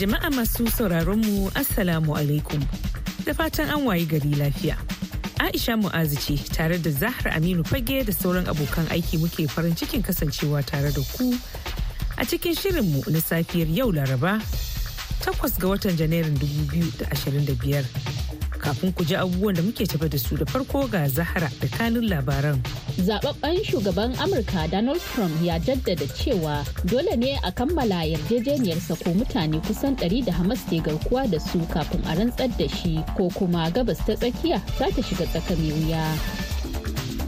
Jama'a masu mu Assalamu alaikum. Da fatan an wayi gari lafiya. Aisha Mu'azu ce tare da Zahra Aminu Fage da sauran abokan aiki muke farin cikin kasancewa tare da ku a cikin shirinmu na safiyar yau Laraba takwas ga watan Janairun 2025. kafin ku ji abubuwan da muke tafa da su da farko ga zahara da kanun labaran. Zababben shugaban Amurka Donald Trump ya jaddada cewa dole ne a kammala yarjejeniyar sako mutane kusan 100 da Hamas ke garkuwa da su kafin a rantsar da shi ko kuma gabas ta tsakiya za ta shiga tsaka mai wuya.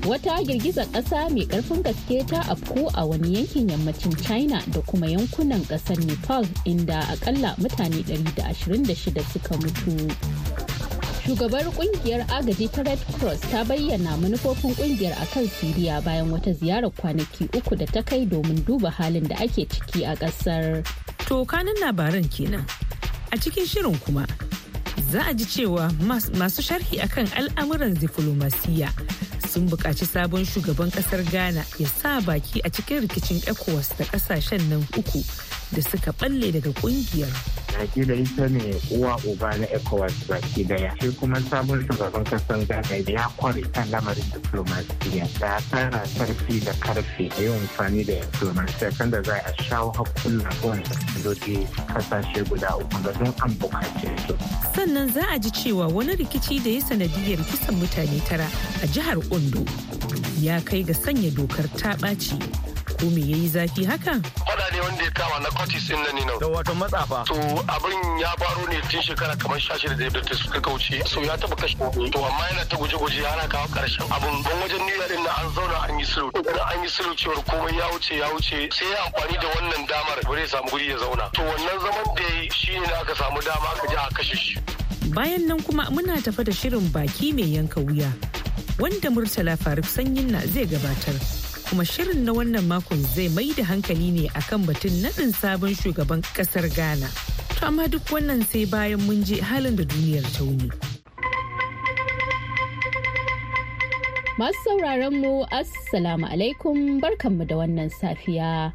Wata girgizar ƙasa mai ƙarfin gaske ta afku a wani yankin yammacin China da kuma yankunan ƙasar Nepal inda akalla mutane 126 suka mutu. Shugabar kungiyar agaji ta Red Cross ta bayyana manufofin kungiyar a kan Siriya bayan wata ziyarar kwanaki uku da ta kai domin duba halin da ake ciki a kasar. To kanin labaran kenan. A cikin shirin kuma, za a ji cewa masu sharhi akan al'amuran diflomasiyya sun buƙaci sabon shugaban kasar Ghana ya sa baki a cikin rikicin ECOWAS da ƙasashen nan uku. da suka balle daga kungiyar. Najeriya ita ne uwa uba na ECOWAS baki daya. Shi kuma sabon shugaban kasan Ghana ya kwari kan lamarin diplomasiya da tsara sarfi da karfe a yi amfani da diplomasiya kan da za a shawo kowane wani kasashe guda uku da sun an bukace su. Sannan za a ji cewa wani rikici da ya sanadiyar kisan mutane tara a jihar Ondo ya kai ga sanya dokar ta ɓaci ko me yayi zafi haka fada ne wanda ya kama na kotis din nan ne da wato matsafa to abin ya faru ne tun shekara kamar 16 da da suka kauce so ya taba kashe to amma yana ta guje-guje yana kawo ƙarshen abin. Ban wajen niyya ɗin nan an zauna an yi sulhu idan an yi sulhu cewar komai ya wuce ya wuce sai ya amfani da wannan damar bare samu guri ya zauna to wannan zaman da ya yi shine aka samu dama aka je a kashe shi bayan nan kuma muna tafa da shirin baki mai yanka wuya wanda murtala faruk sanyin na zai gabatar kuma shirin na wannan makon zai mai da hankali ne akan batun naɗin sabon shugaban ƙasar Ghana. To amma duk wannan sai bayan mun je halin da duniyar ta wuni. Masu sauraron mu Assalamu alaikum barkanmu da wannan safiya.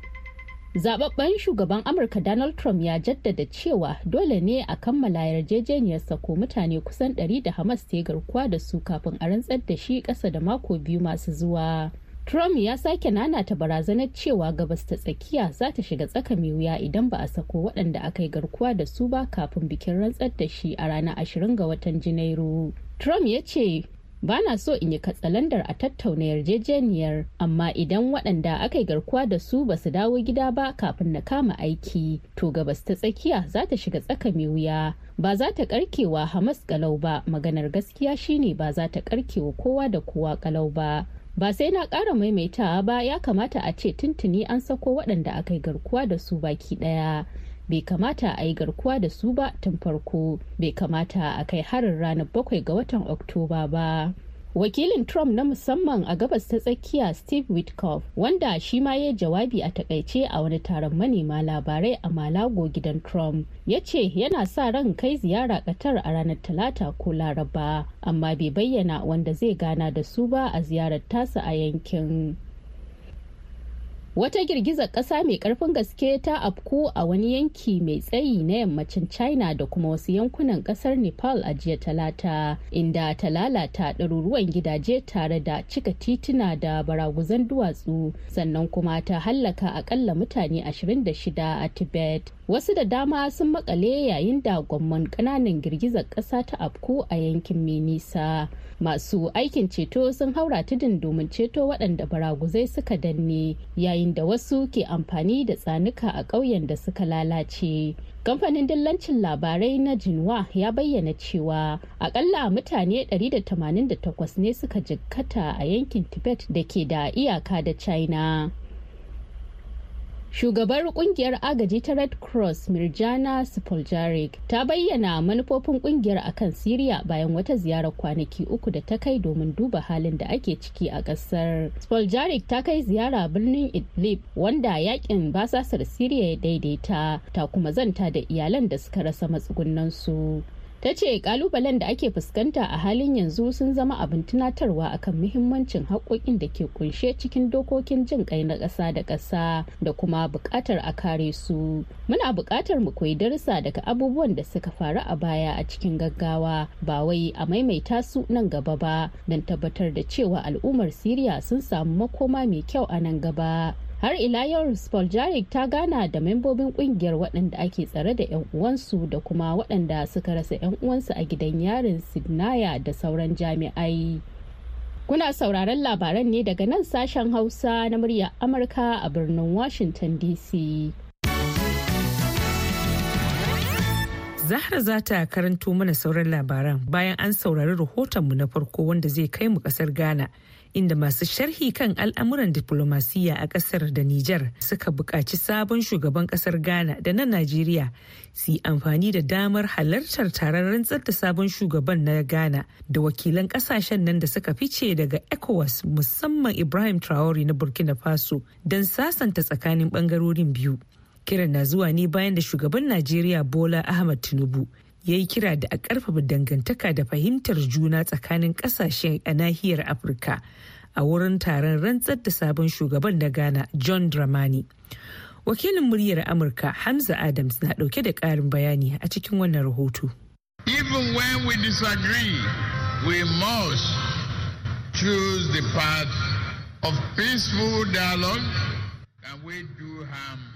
Zababben shugaban Amurka Donald Trump ya jaddada cewa dole ne a kammala yarjejeniyar ko mutane kusan 100 da Hamas ta garkuwa da su kafin a rantsar da shi ƙasa da mako biyu masu zuwa. Trump ya sake nanata barazanar cewa gabas ta tsakiya za ta shiga tsakami wuya idan ba a sako waɗanda aka yi garkuwa da su ba kafin bikin rantsar da shi a ranar 20 ga watan Janairu. Trump ya ce, ba na so in yi katsalandar a tattauna yarjejeniyar, amma idan waɗanda aka yi garkuwa da su ba su dawo gida ba kafin na kama aiki, to gabas ta tsakiya za ta shiga tsakami wuya. ba za ta karkewa Hamas kalau ba maganar gaskiya shine ba za ta karkewa kowa da kowa kalau ba ba sai na ƙara maimaitawa ba ya kamata a ce tuntuni an sako waɗanda aka yi garkuwa da su baki ɗaya bai kamata a yi garkuwa da su ba tun farko bai kamata a kai harin ranar bakwai ga watan oktoba ba wakilin trump na musamman a gabas ta tsakiya steve witkoff wanda shi ma ya jawabi a takaice a wani taron manema labarai a malago gidan trump ya ce yana sa ran kai ziyara katar a ranar talata ko laraba amma bai bayyana wanda zai gana da su ba a ziyarar tasa a yankin wata girgizar ƙasa mai ƙarfin gaske ta afku a wani yanki mai tsayi na yammacin china da kuma wasu yankunan ƙasar nepal a jiya talata inda ta lalata ɗaruruwan gidaje tare da cika tituna da baraguzan duwatsu sannan kuma ta hallaka akalla mutane 26 a tibet wasu da dama sun makale yayin da gwamman kananan girgizar kasa ta afku a yankin mai masu aikin ceto sun haura tudun domin ceto waɗanda baraguzai suka danne yayin da wasu ke amfani da tsanuka a ƙauyen da suka lalace kamfanin dillancin labarai na jinwa ya bayyana cewa akalla mutane 188 ne suka jikkata a yankin tibet da ke da iyaka da china Shugabar kungiyar agaji ta Red Cross Mirjana Spoljaric ta bayyana manufofin kungiyar akan Siriya bayan wata ziyarar kwanaki uku da ta kai domin duba halin da ake ciki a kasar Spoljaric ta kai ziyara birnin Idlib wanda yakin basasar Siriya ya daidaita ta kuma zanta da iyalan da suka rasa matsugunan ta ce kalubalen da ake fuskanta a halin yanzu sun zama abin tunatarwa akan muhimmancin haƙoƙin da ke kunshe cikin dokokin jin ƙai na ƙasa da ƙasa da kuma buƙatar a kare su muna buƙatar mu koyi darsa daga abubuwan da suka faru a baya a cikin gaggawa ba wai a maimaita su nan gaba ba don tabbatar da cewa al'ummar siriya sun samu makoma mai kyau a nan gaba har ila yau spoljarik ta gana da membobin kungiyar waɗanda ake tsare da 'yan uwansu da kuma waɗanda suka rasa 'yan uwansu a gidan yarin sidnaya da sauran jami'ai kuna sauraron labaran ne daga nan sashen hausa na murya amurka a birnin washington dc Zahra za ta karanto mana sauran labaran bayan an saurari rahotonmu na farko wanda zai kai mu kasar Ghana inda masu sharhi kan al'amuran diplomasiya a kasar da Nijar suka buƙaci sabon shugaban kasar Ghana da na Najeriya su yi amfani da damar halartar taron rantsar da sabon shugaban na Ghana da wakilan kasashen nan da suka fice daga ECOWAS musamman Ibrahim Traore na Burkina Faso don sasanta tsakanin bangarorin biyu. Kiran na zuwa ne bayan da shugaban Najeriya Bola Ahmad Tinubu ya yi kira da a ƙarfafa dangantaka da fahimtar juna tsakanin ƙasashen a nahiyar afirka a wurin taron rantsar da sabon shugaban na ghana john dramani wakilin muryar amurka hamza adams na ɗauke da ƙarin bayani a cikin wannan rahoto even when we disagree we must choose the path of peaceful dialogue and we do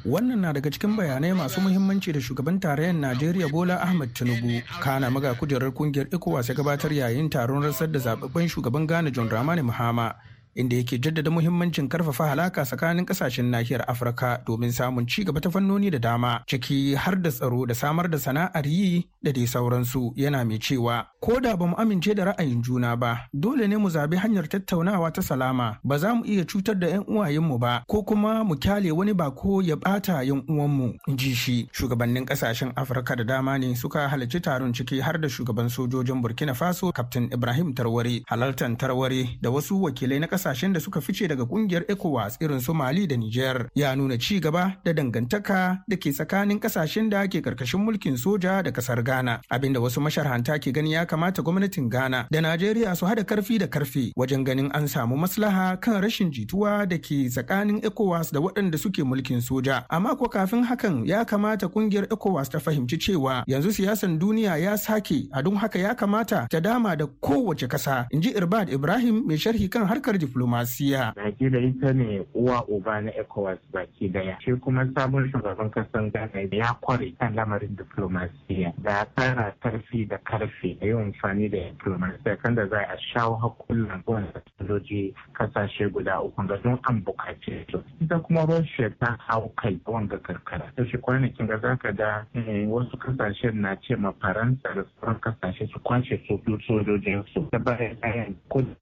wannan na daga cikin bayanai masu muhimmanci da shugaban tarayyar najeriya bola ahmed tinubu kana maga kujerar kungiyar ecowas ya gabatar yayin taron rasar da zababben shugaban ghana john dramani mahama inda yake jaddada muhimmancin karfafa halaka tsakanin kasashen nahiyar afirka domin samun ci gaba ta fannoni da dama ciki har da tsaro da samar da sana'ar yi da dai sauransu yana mai cewa ko da ba mu amince da ra'ayin juna ba dole ne mu zabi hanyar tattaunawa ta salama ba za mu iya cutar da 'yan uwayenmu ba ko kuma mu kyale wani bako ya bata 'yan uwanmu in ji shi shugabannin kasashen afirka da dama ne suka halarci taron ciki har da shugaban sojojin burkina faso kaftin ibrahim tarware halartar tarware da wasu wakilai na kasashen da suka fice daga kungiyar ECOWAS irin su Mali da Niger ya nuna ci gaba da dangantaka da ke tsakanin kasashen da ke karkashin mulkin soja da kasar Ghana abinda wasu masharhanta ke gani ya kamata gwamnatin Ghana da Najeriya su hada karfi da karfe wajen ganin an samu maslaha kan rashin jituwa da ke tsakanin ECOWAS da waɗanda suke mulkin soja amma ko kafin hakan ya kamata kungiyar ECOWAS ta fahimci cewa yanzu siyasan duniya ya sake a don haka ya kamata ta dama da kowace kasa ji Irbad Ibrahim mai sharhi kan harkar diflomasiya. Najeriya ita ne uwa uba na ECOWAS baki daya. Shi kuma sabon shugaban kasan Ghana ya kware kan lamarin diflomasiya da tsara tarfi da karfe a yi amfani da diflomasiya kan da za a shawo hakulan kowane sassanoji kasashe guda uku ga don an bukace su. Ita kuma Russia ta hau kai wanga karkara. Ta shi kwanakin ga ka da eh, wasu kasashen na ce ma Faransa da sauran kasashe su kwashe sojojin su. Ta bayan kayan kudin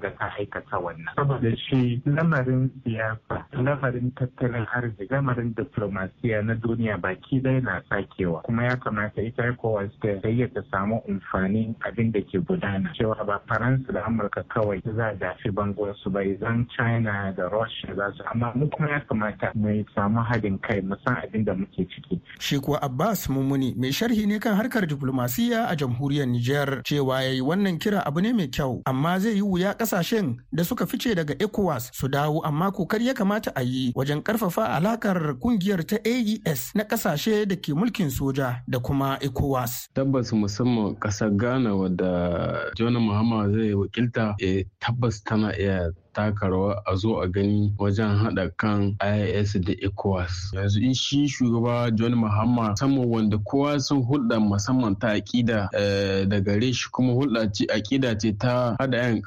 ga ta aikata wa wannan saboda shi lamarin siyasa lamarin tattalin arziki lamarin diplomasiya na duniya baki dai na sakewa kuma ya kamata ita ecowas ta rage ta samu amfanin abin da ke gudana cewa ba faransa da amurka kawai za a dafi bangon su ba idan china da russia za su amma mu kuma ya kamata mu yi samu haɗin kai mu san abin da muke ciki shi kuwa abbas mummuni mai sharhi ne kan harkar diplomasiya a jamhuriyar Nijar. cewa yayi wannan kira abu ne mai kyau amma zai yi wuya ƙasashen da suka suka fice daga ECOWAS su dawo amma kokari ya kamata a yi wajen karfafa alakar kungiyar ta AES na kasashe da ke mulkin soja da kuma ECOWAS. Tabbas musamman kasar Ghana wadda John Muhammad zai wakilta eh, tabbas tana iya taka rawa a zo a gani wajen hada kan IAS da ECOWAS. Yanzu in shi shugaba John Mahama sama wanda kowa sun hulɗa musamman ta aƙida eh, da gare shi kuma hulɗa ce aƙida ce ta hada 'yan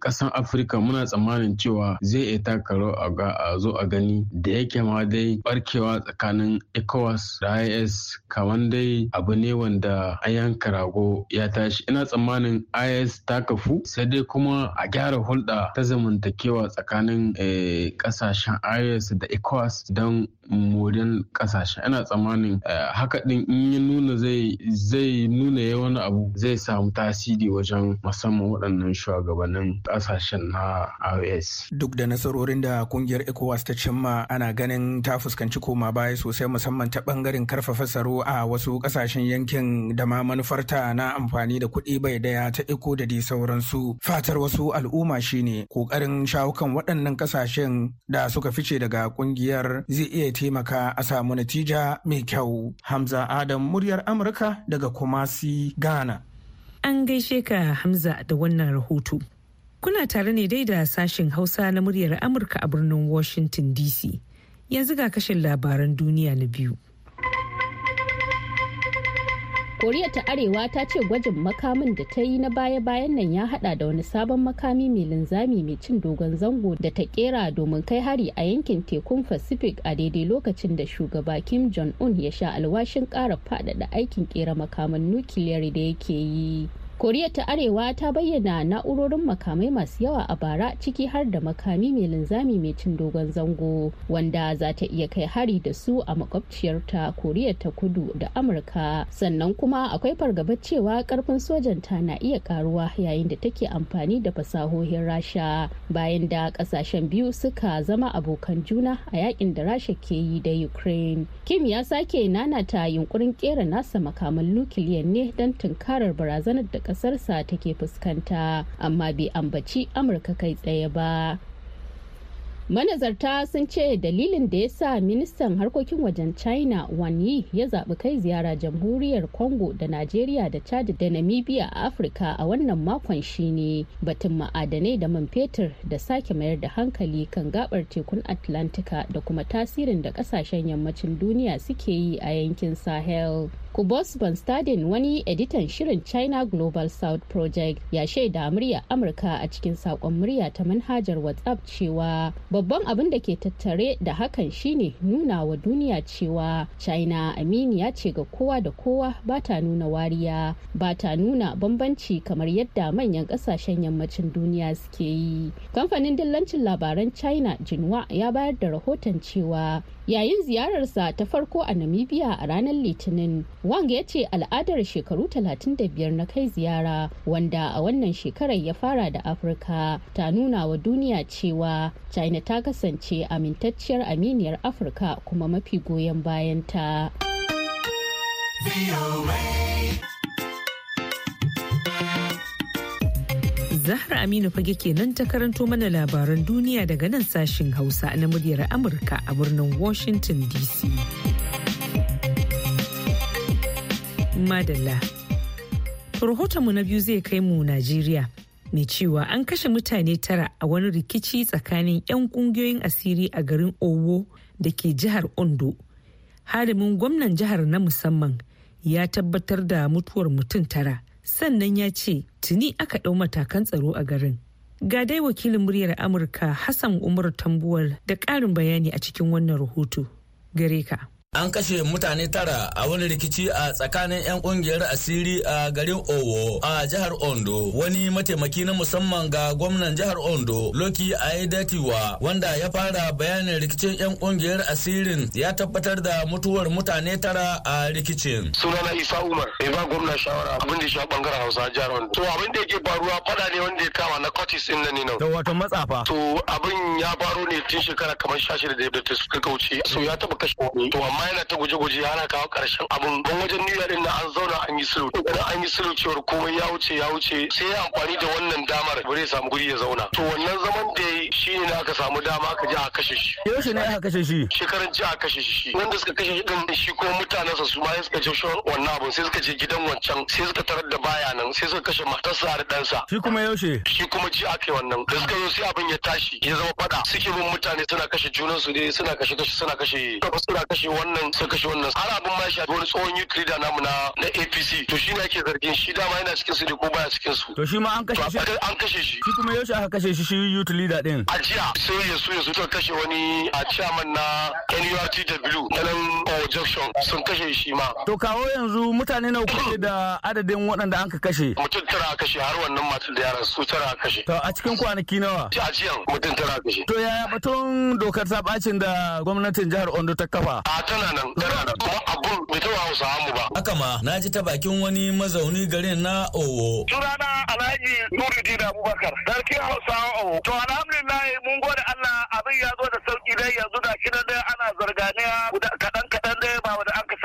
ƙasan Afirka muna tsammanin cewa zai iya taka rawa a zo a gani da yake ma dai barkewa tsakanin ECOWAS da IAS kamar dai abu ne wanda an yanka rago ya tashi. Ina tsammanin IAS ta kafu sai dai kuma a gyara hulɗa ta zama zamantakewa tsakanin kasashen eh, IOS da ECOWAS don morin kasashen. Ana tsammanin eh, haka din in yi nuna zai nuna ya wani abu zai samu tasiri wajen musamman waɗannan shugabannin kasashen na IOS. Duk da nasarorin da kungiyar ECOWAS ta cimma ana ganin ta fuskanci koma baya sosai musamman ta bangaren karfafa tsaro a wasu kasashen yankin da ma manufarta na amfani da kuɗi bai daya ta eco da dai sauransu. Fatar wasu al'umma shine kokarin shawukan waɗannan ƙasashen da suka fice daga ƙungiyar zai iya taimaka a samu natija mai kyau hamza adam muryar amurka daga kumasi ghana an gaishe ka hamza da wannan rahoto kuna tare ne dai da sashen hausa na muryar amurka a birnin washington dc yanzu ga kashin labaran duniya na biyu koriya ta arewa ta ce gwajin makamin da ta yi na baya-bayan nan ya hada da wani sabon makami mai linzami mai cin dogon zango da ta kera domin kai hari a yankin tekun pacific a daidai lokacin da shugaba kim jong-un ya sha alwashin kara faɗaɗa aikin kera makaman nukiliyar da yake yi koriya ta arewa ta bayyana na'urorin makamai masu yawa a bara ciki har da makami mai linzami mai cin dogon zango wanda za ta iya kai hari da su a makwabciyarta koriya ta kudu da amurka sannan kuma akwai fargabar cewa karfin ta na iya karuwa yayin da take amfani da fasahohin rasha bayan da kasashen biyu suka zama abokan juna a yakin da rasha ke yi da ukraine kim ya sake nanata yunkurin kera nasa makaman nukiliyan ne don tunkarar barazanar da ƙasarsa take fuskanta amma bai ambaci amurka kai tsaye ba manazarta sun ce dalilin da ya sa ministan harkokin wajen china wan yi ya zaɓi kai ziyara jamhuriyar congo da nigeria da chad da namibia a afirka a wannan makon shine batun ma'adanai da man fetur da sake mayar da hankali kan gabar tekun atlantika da kuma tasirin da kasashen yammacin duniya suke yi a yankin sahel Kubos Bonstadin wani editan shirin China Global South Project ya shaida murya Amurka a cikin saƙon murya ta manhajar WhatsApp cewa babban abin da ke tattare da hakan shine nuna wa duniya cewa China aminiya ce ga kowa da kowa ba ta nuna wariya ba ta nuna bambanci kamar yadda manyan ƙasashen yammacin duniya suke yi. Kamfanin dillancin labaran China Jinwa ya bayar da rahoton cewa yayin ziyararsa ta farko a Namibia a ranar Litinin Wang ya ce al'adar shekaru 35 na kai ziyara wanda a wannan shekarar ya fara da Afirka ta nuna wa duniya cewa China ta kasance amintacciyar aminiyar Afirka kuma mafi goyon bayanta. zahar Aminu fage kenan ta karanto mana labaran duniya daga nan sashin Hausa na muryar Amurka a birnin Washington DC. Madalla. Rahotonmu na biyu zai kai mu Najeriya. Mai cewa an kashe mutane tara a wani rikici tsakanin 'yan kungiyoyin asiri a garin Owo da ke jihar Ondo. halimin gwamnan jihar na musamman ya tabbatar da mutuwar mutum tara sannan ya ce tuni aka ɗau matakan tsaro a garin. Ga dai wakilin muryar Amurka Hassan Umar Tambuwal da ƙarin bayani a cikin wannan rahoto. Gare ka. an kashe mutane tara a wani rikici a tsakanin 'yan kungiyar asiri a garin owo a jihar ondo wani mataimaki na musamman ga gwamnan jihar ondo loki aidatiwa wanda ya fara bayanin rikicin 'yan kungiyar asirin ya tabbatar da mutuwar mutane tara a rikicin sunana isa umar mai ba gwamnan shawara abin da shawar bangaren hausa jihar ondo to abin da yake faruwa fada ne wanda ya kama na kotis din nan ne wato matsafa to abin ya faru ne tun shekara kamar shashi da ta suka kauce so ya taba kashe to amma yana ta guje-guje yana kawo karshen abin don wajen new york na an zauna an yi sulhu idan an yi sulhu cewar komai ya wuce ya wuce sai ya amfani da wannan damar bare samu guri ya zauna to wannan zaman da yi shine na aka samu dama aka ji a kashe shi yaushe ne aka kashe shi shekaran ji a kashe shi wanda suka kashe shi din shi ko mutanensa su ma suka je shi wannan abun sai suka je gidan wancan sai suka tarar da baya nan sai suka kashe matarsa da ɗansa shi kuma yaushe shi kuma ji aka yi wannan da suka zo sai abin ya tashi ya zama fada suke bin mutane suna kashe junansu dai suna kashe kashe suna kashe suna kashe wannan wannan sai kashe wannan har abin ma shi wani tsohon youth leader namu na na APC to shi ne ake zargin shi dama yana cikin su ne ko baya cikin su to shi ma an kashe shi an kashe shi shi kuma yaushe aka kashe shi shi youth leader din a jiya sai ya so ya so kashe wani a chairman na NURTW na nan Junction sun kashe shi ma to kawo yanzu mutane nawa kuke da adadin waɗanda an ka kashe mutum tara kashe har wannan matan da yaran su tara kashe to a cikin kwanaki nawa a jiya mutum tara kashe to yaya batun dokar ta bacin da gwamnatin jihar Ondo ta kafa a tana nan tana nan kuma abun bai taba hausawa mu ba haka ma na ji ta bakin wani mazauni garin na owo sunana alhaji nuruddin abubakar sarki hausawa owo to alhamdulillah mun gode Allah abin ya zo da sauki dai yanzu da shi da ana zarganiya guda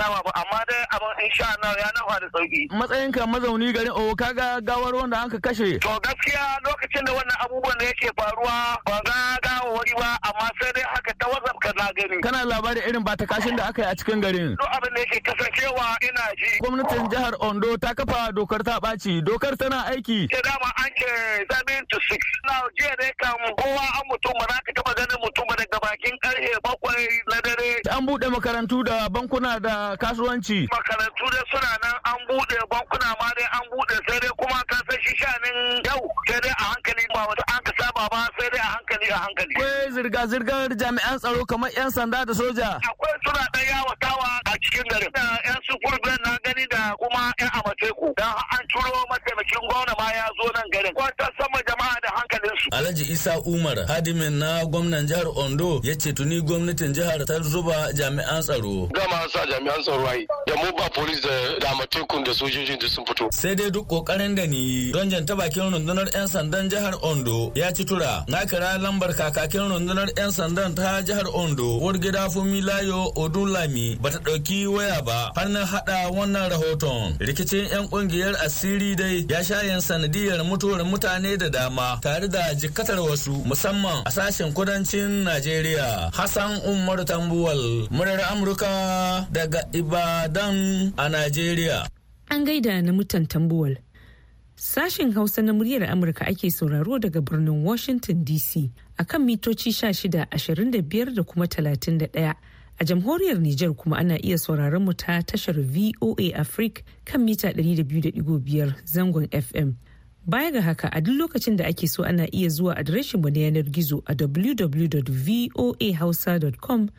kama ba amma dai abin insha Allah ya nafa da sauki matsayin ka mazauni garin o kaga gawar wanda an ka kashe to gaskiya lokacin da wannan abubuwan da yake faruwa ba ga gawawari ba amma sai dai haka ta wazam ka na gani kana labarin irin ba ta kashin da aka yi a cikin garin duk abin da yake kasancewa ina ji gwamnatin jihar Ondo ta kafa dokar ta ɓaci dokar tana aiki ke dama an ke 7 to 6 na jiya dai kan kowa an mutum ba za ka taɓa ganin mutum ba da cikin karfe bakwai na dare. An buɗe makarantu da bankuna da kasuwanci. Makarantu da suna nan an buɗe bankuna ma dai an buɗe sai dai kuma ka san shi shanin yau sai dai a hankali ba wata an ka saba ba sai dai a hankali a hankali. Akwai zirga-zirgar jami'an tsaro kamar 'yan sanda da soja. Akwai suna ɗan yawa tawa a cikin garin. Da 'yan sufurin na gani da kuma 'yan amateku. Dan an turo mataimakin gwamna ma ya zo nan garin. Kwantar sama jama'a da hankali. su. Alhaji Isa Umar hadimin na gwamnan jihar Ondo ya ce tuni gwamnatin jihar ta zuba jami'an tsaro. an sa jami'an tsaro ai da mu ba police da damatekun da sojojin da sun fito. Sai dai duk kokarin da ni don janta bakin rundunar 'yan sandan jihar Ondo ya ci tura. Na kira lambar kakakin rundunar 'yan sandan ta jihar Ondo Wargida Fumilayo Odunlami bata ɗauki waya ba har na haɗa wannan rahoton. Rikicin 'yan ƙungiyar asiri dai ya sha sanadiyar mutuwar mutane da dama tare da A jikatar wasu musamman a sashen kudancin Najeriya. Hassan Umar Tambuwal, murar Amurka daga Ibadan a Najeriya. An gaida na mutan Tambuwal. Sashen Hausa na muryar Amurka ake sauraro daga birnin Washington DC a kan mitoci 16, 25 da kuma 31. A jamhuriyar Nijar kuma ana iya sauraron mu ta tashar VOA Africa kan mita 200.5 zangon FM. Baya ga haka a duk lokacin da ake so ana iya zuwa adireshinmu na yanar gizo a www.voahausa.com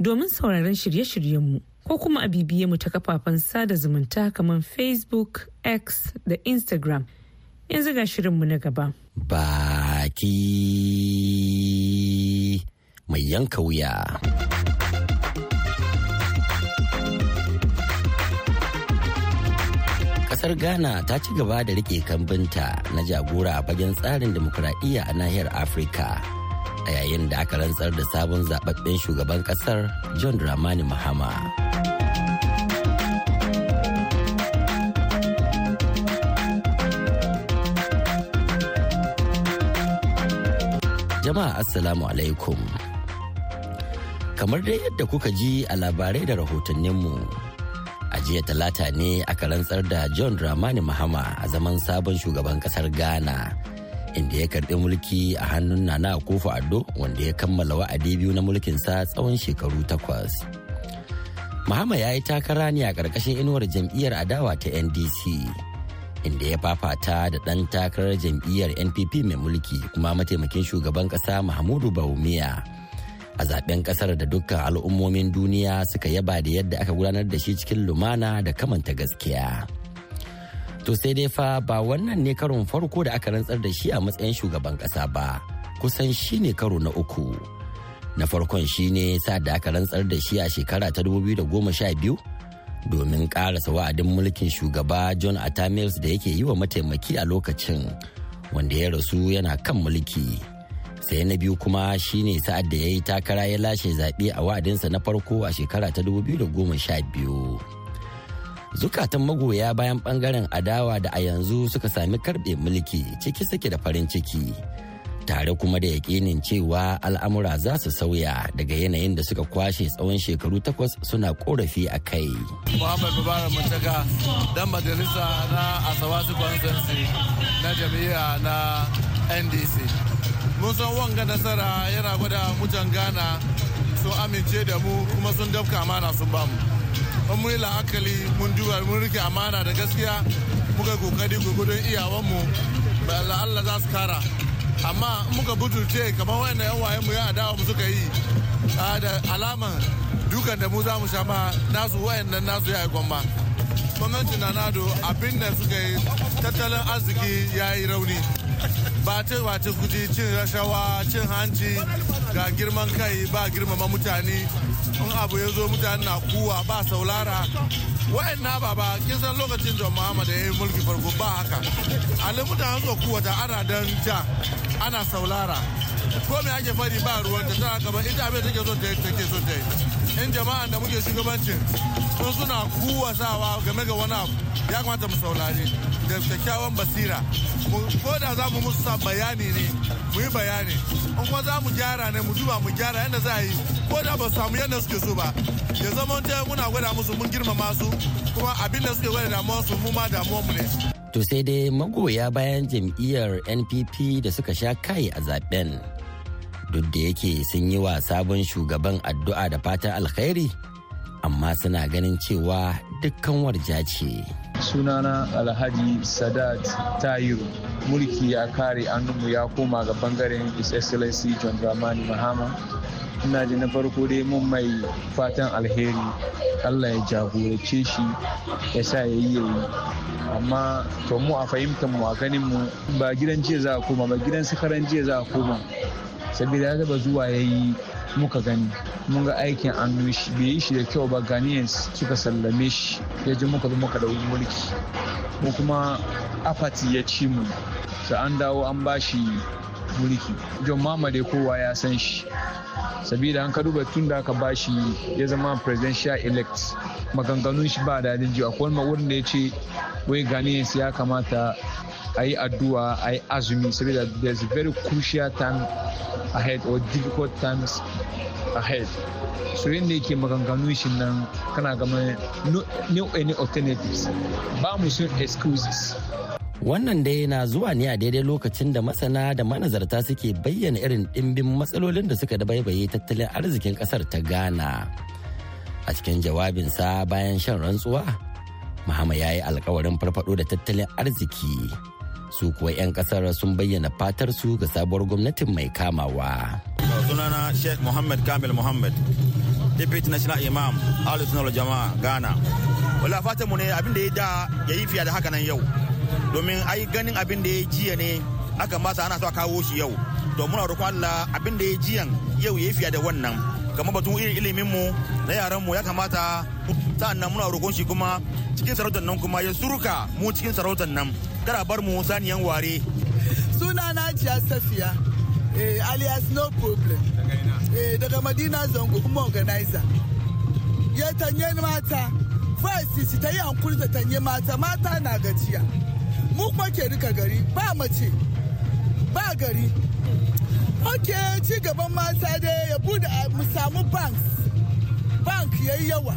domin sauraron shirye-shiryenmu ko kuma a bibiye mu ta kafafen sada zumunta kamar Facebook, X da Instagram. Yanzu ga shirinmu na gaba. Baki mai yanka wuya. kasar ghana ta ci gaba da rike kambinta na jagora a fagen tsarin demokuraɗiyya a nahiyar afirka a yayin da aka rantsar da sabon zababben shugaban kasar john ramani mahama jama'a assalamu alaikum kamar dai yadda kuka ji a labarai da rahotanninmu jiya talata ne aka rantsar da john Ramani mahama a zaman sabon shugaban kasar ghana inda ya karbi mulki a hannun nana kofa addo wanda ya kammala wa'adi biyu na mulkinsa tsawon shekaru takwas mahama ya yi takara ne a ƙarƙashin inuwar jam'iyyar adawa ta ndc inda ya fafata da ɗan takarar jam'iyyar npp mai mulki kuma mataimakin shugaban ƙasa mahmudu bawumia a zaben kasar da dukkan al'ummomin duniya suka yaba da yadda aka gudanar da shi cikin lumana da kamanta gaskiya. To sai dai fa ba wannan ne karon farko da aka rantsar da shi a matsayin shugaban kasa ba, kusan shi ne karo na uku. Na farkon shi ne sa da aka rantsar da shi a shekara ta 2012 domin karasa wa'adin mulkin shugaba John Atta Mills da yake yi wa mataimaki a lokacin wanda ya rasu yana kan mulki. sai na biyu kuma shine sa'ad da ya yi takara ya lashe zaɓe a wa'adinsa na farko a shekara ta 2012 zukatan magoya bayan ɓangaren adawa da a yanzu suka sami karɓe mulki ciki suke da farin ciki tare kuma da yaƙinin cewa al'amura za su sauya daga yanayin da suka kwashe tsawon shekaru takwas suna korafi a kai. Muhammad Mutaka dan majalisa na Asawasu na na NDC. mun san wanga nasara yana gwada mutan gana sun amince da mu kuma sun dafka amana sun ba mu mun yi la'akali mun duba mun rike amana da gaskiya muka kokari gurgudun iyawanmu ba Allah Allah za su kara amma muka budurce kamar wayannan yan waye mu ya adawa mu suka yi da alama dukan da mu za mu sha ma nasu wayannan nasu ya yi gwamma gwamnatin na nado abin da suka yi tattalin arziki ya yi rauni bata ta wace guji cin rashawa cin hanci ga girman kai ba girmama mutane in abu ya zo mutane na kuwa ba saulara wa'in na baba kin san lokacin john muhammad ya yi mulki farko ba haka ali mutane zo kuwa ta ana dan ja ana saulara ko me ake fari ba ruwan ta tana gaba ita abin take so ta yi take so ta yi in jama'an da muke shugabancin sun suna kuwasawa game ga wani abu ya kamata mu saurare da kyakkyawan basira ko da za mu musu sa bayani ne mu yi bayani in kuma za mu gyara ne mu duba mu gyara yadda za a yi ko da ba samu yadda suke so ba ya zama ta muna gwada musu mun girmama su kuma abin da suke gwada damuwa su mu ma mu ne. To sai dai magoya bayan jam'iyyar NPP da suka sha kai a zaben duk da yake sun yi wa sabon shugaban addu'a da fatan alkhairi amma suna ganin cewa dukkan warja ce. sunana alhaji sadat tayo mulki ya kare annumu ya koma ga bangaren his excellency john dramani mahama ina ji na farko dai mun mai fatan alheri allah ya jagorace shi ya sa ya yi yayi amma to mu a fahimtar mu a ganin mu ba gidan jiya za a koma ba gidan sakaran jiya za a koma saboda ya taba zuwa ya yi muka gani mun ga aikin an shi bai yi shi da kyau ba ghanaians suka sallame shi ya ji muka zo muka da mulki ko kuma afati ya ci mu sa an dawo an ba shi mulki john mama kowa ya san shi sabida an ka duba tun da aka ba shi ya zama presidential elect maganganun shi ba da ji akwai wani wurin da ya ce wai ghanaians ya kamata a yi addu'a a yi azumi saboda there's a very crucial time ahead or difficult times ahead so yadda yake maganganu shi nan kana gama no any alternatives ba mu sun excuses wannan dai na zuwa ne a daidai lokacin da masana da manazarta suke bayyana irin ɗimbin matsalolin da suka dabaibaye tattalin arzikin ƙasar ta ghana a cikin jawabinsa bayan shan rantsuwa mahama ya yi alkawarin farfado da tattalin arziki su kuwa 'yan kasar sun bayyana fatar su ga sabuwar gwamnatin mai kamawa. sunana sheikh muhammad kamil muhammad deputy national imam alisunar jama'a ghana wala fatar mu ne abin da ya da ya yi fiya da haka nan yau domin ai ganin abin da ya jiya ne aka masa ana so a kawo shi yau to muna roƙon allah abin da ya jiyan yau ya yi fiya da wannan game batun irin ilimin mu na yaran mu ya kamata sa'an nan muna roƙon shi kuma cikin sarautar nan kuma ya suruka mu cikin sarautar nan kada bar mu saniyan ware suna na jiya safiya eh, alias no problem eh, daga madina zango kuma organizer ya tanye mata first shi ta yi hankuri ta tanye mata mata na gajiya mu kuma ke rika gari ba mace ba gari ok ci gaban mata dai ya bude mu samu banks bank yayi yawa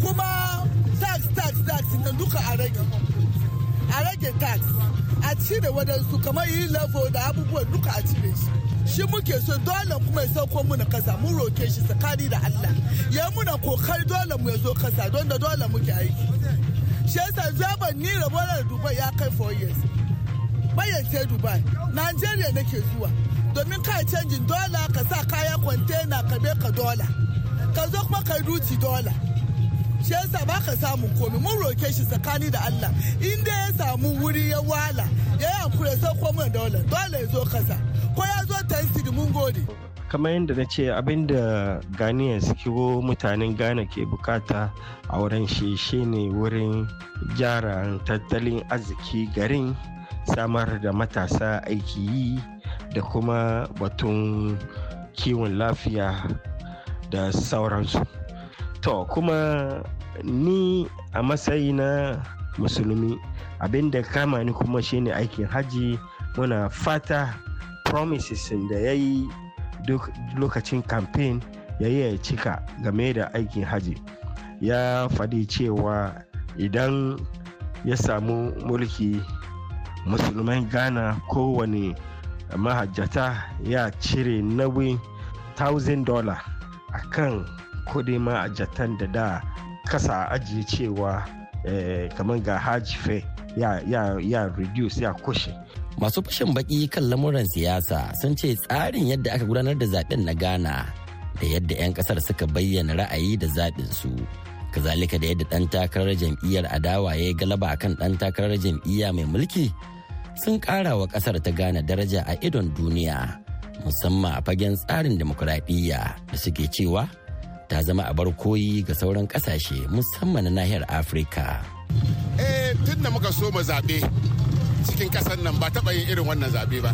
kuma tax tax tax na duka a rage a rage tax a cire wadansu kamar yi level da abubuwan duka a cire shi shi muke so dole kuma ya sauko muna kasa mun roke shi tsakani da Allah ya muna kokari dole mu ya zo kasa don da dole muke aiki shi yasa zaben ni rabuwar dubai ya kai 4 years bayan sai dubai nigeria nake zuwa domin kai canjin dola ka sa kaya kwantena ka be ka dola ka zo kuma ka ruti dola shi yasa ba ka samun komi mun roke shi tsakani da Allah in dai ya samu wuri ya wala ya yi hankuri sai kuma dola dola ya zo kasa ko ya zo ta tansidi mun gode kamar yadda na ce abin abinda su kiwo mutanen ghana ke bukata a wurin shi shine wurin gyara tattalin arziki garin samar da matasa aiki yi da kuma batun kiwon lafiya da sauransu to kuma ni a matsayi na musulmi abinda kama ni kuma shine aikin hajji muna fata promises da ya yi duk lokacin campaign ya yi ya cika game da aikin hajji ya faɗi cewa idan ya samu mulki musulman ghana kowane mahajjata ya cire nauyin $1000 a kan kudin ma'ajatan da da kasa ajiye cewa eh, kamar ga haji fe ya reduce ya kushe masu fashin baki kan lamuran siyasa sun ce tsarin yadda aka gudanar da zaɓen na ghana da yadda 'yan kasar suka bayyana ra'ayi da zaɓinsu kazalika da yadda ɗan takarar jam'iyyar adawa ya yi galaba akan ɗan takarar jam'iyya mai mulki sun karawa wa ƙasar ta gane daraja a idon duniya musamman a fagen tsarin demokuraɗiyya da suke cewa ta zama a bar koyi ga sauran kasashe musamman na nahiyar Afirka. Eh tun da muka so mu zaɓe cikin ƙasar nan ba taɓa yin irin wannan zaɓe ba.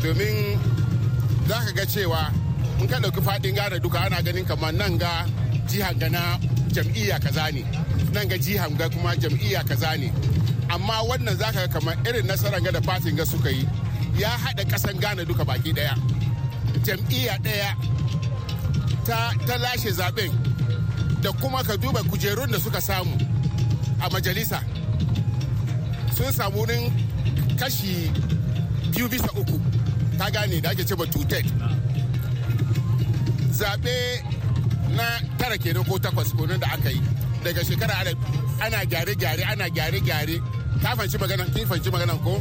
Domin za ka ga cewa in ka ɗauki faɗin gane duka ana ganin kamar nan ga jihar gana jam'iyya kaza ne nan ga jihar ga kuma jam'iyya kaza ne amma wannan zaka ga kamar irin nasarar ga da fatin ga suka yi ya haɗa ƙasan ghana duka baki ɗaya jam'iyya ɗaya ta, ta lashe zaɓen da kuma ka duba kujerun da suka samu a majalisa sun samu wurin kashi biyu bisa uku ta gane da ake ce tutet zaɓe na tara kenan ko takwas kunin da aka yi daga shekara ana gyare-gyare ana gyare-gyare ka fahimci magana kin fahimci magana ko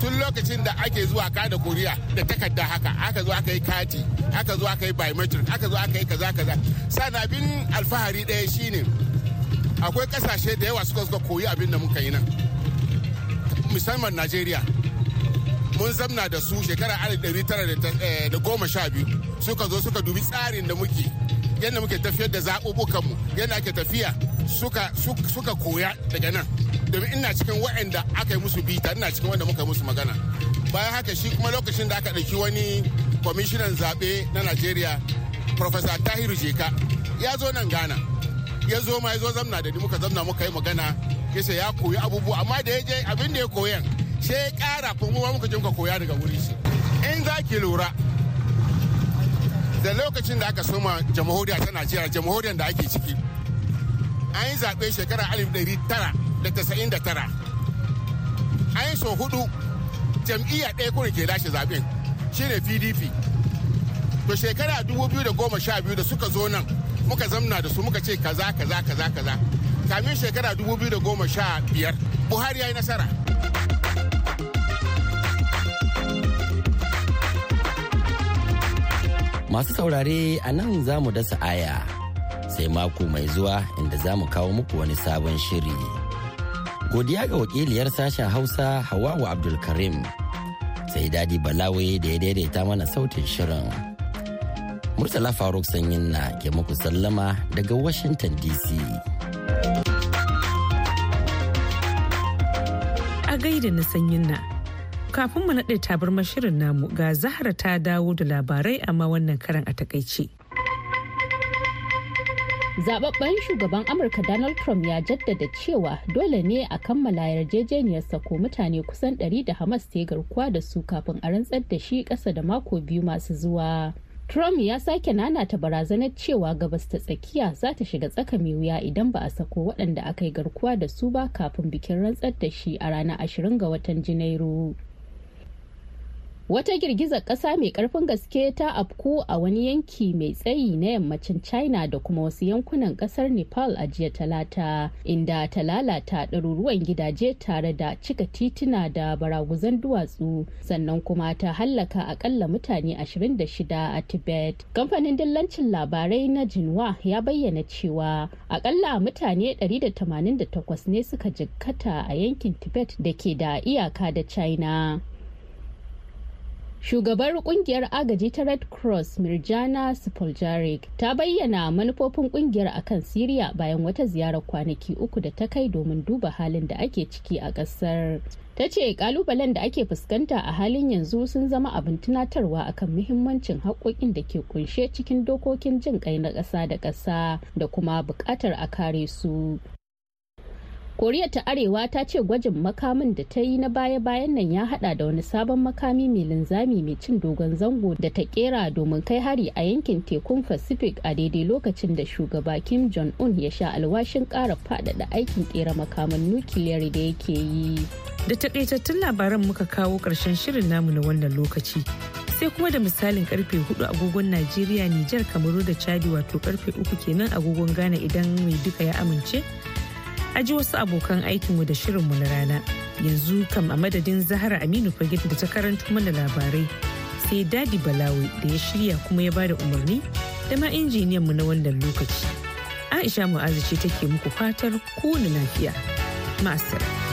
tun lokacin da ake zuwa kada kuriya da takarda haka aka zo aka yi kati aka zo aka yi biometric aka zo aka yi kaza kaza sana abin alfahari daya shine akwai kasashe da yawa suka suka koyi abin da muka yi nan musamman najeriya mun zamna da su shekara eh, biyu suka zo suka dubi tsarin da muke yadda muke tafiyar da zaɓuɓɓukanmu yadda ake tafiya suka koya daga nan domin ina cikin waɗanda aka yi musu bita ina cikin wanda muka yi musu magana bayan haka shi kuma lokacin da aka ɗauki wani kwamishinan zaɓe na najeriya profesa tahiru jeka ya zo nan ghana ya zo ma ya zo zamna da muka zamna muka yi magana ya ce ya koyi abubuwa amma da ya je abin da ya koyan sai ya kara kuma muka je muka koya daga wuri shi in za ki lura da lokacin da aka soma jamhuriya ta najeriya jamhuriyar da ake ciki an yi zaɓe shekara alif ɗari tara da tasa'in da tara an so hudu jam'iyya ɗaya kurin ke lashe zaɓen shine pdp to shekara dubu biyu da goma sha biyu da suka zo nan muka zamna da su muka ce kaza kaza kaza kaza kamin shekara dubu biyu da goma sha biyar buhari ya yi nasara masu saurare a nan za mu dasa aya sai mako mai zuwa inda za mu kawo muku wani sabon shiri. godiya ga wakiliyar sashen hausa hawawa abdulkarim sai dadi balawe da ya daidaita mana sautin shirin murtala faruk sanyin na ke muku sallama daga washington dc a gaida na sanyin na kafin mu naɗe tabar shirin namu ga zahra ta dawo da labarai amma wannan karan a takaice. zababben shugaban amurka donald trump ya jaddada cewa dole ne a kammala yarjejeniyar sako mutane kusan 100 da hamas ta garkuwa da su kafin a rantsar da shi ƙasa da mako biyu masu zuwa Trump ya sake nanata barazanar cewa gabas ta tsakiya za ta shiga tsaka mai wuya idan ba a sako waɗanda aka yi garkuwa da su ba kafin bikin rantsar da shi a ranar 20 ga watan Janairu. Wata girgizar ƙasa mai ƙarfin gaske ta afku a wani yanki mai tsayi na yammacin China da kuma wasu yankunan ƙasar Nepal a jiya talata, inda ta lalata ɗaruruwan gidaje tare da cika tituna da baraguzan duwatsu, sannan kuma ta hallaka akalla mutane 26 a Tibet. Kamfanin dillancin labarai na Jinwa ya bayyana cewa akalla mutane 188 ne suka jikkata a yankin Tibet da ke da iyaka da China. Shugabar kungiyar agaji ta Red Cross Mirjana Spoljaric ta bayyana manufofin kungiyar akan Siriya bayan wata ziyarar kwanaki uku da ta kai domin duba halin da ake ciki a ƙasar. ta ce kalubalen da ake fuskanta a halin yanzu sun zama abin tunatarwa akan muhimmancin haƙoƙin da ke kunshe cikin dokokin jin ƙai na ƙasa da ƙasa da kuma buƙatar a kare su koriya ta arewa ta ce gwajin makamin da ta yi na baya-bayan nan ya hada da wani sabon makami mai linzami mai cin dogon zango da ta kera domin kai hari a yankin tekun pacific a daidai lokacin da shugaba kim jong-un ya sha alwashin kara fadada aikin kera makaman nukiliyar da yake yi da takaitattun labaran muka kawo ƙarshen shirin namu na wannan lokaci sai kuma da misalin karfe hudu agogon najeriya nijar kamaru da chadi wato karfe 3 kenan agogon ghana idan mai duka ya amince aji wasu abokan aikinmu da shirinmu na rana yanzu kam a madadin zahara aminu fagit da ta karanto mana labarai sai dadi balawi da ya shirya kuma ya bada umarni da ma mu na wannan lokaci aisha mu'azu ce take muku fatar kowane lafiya ma'asara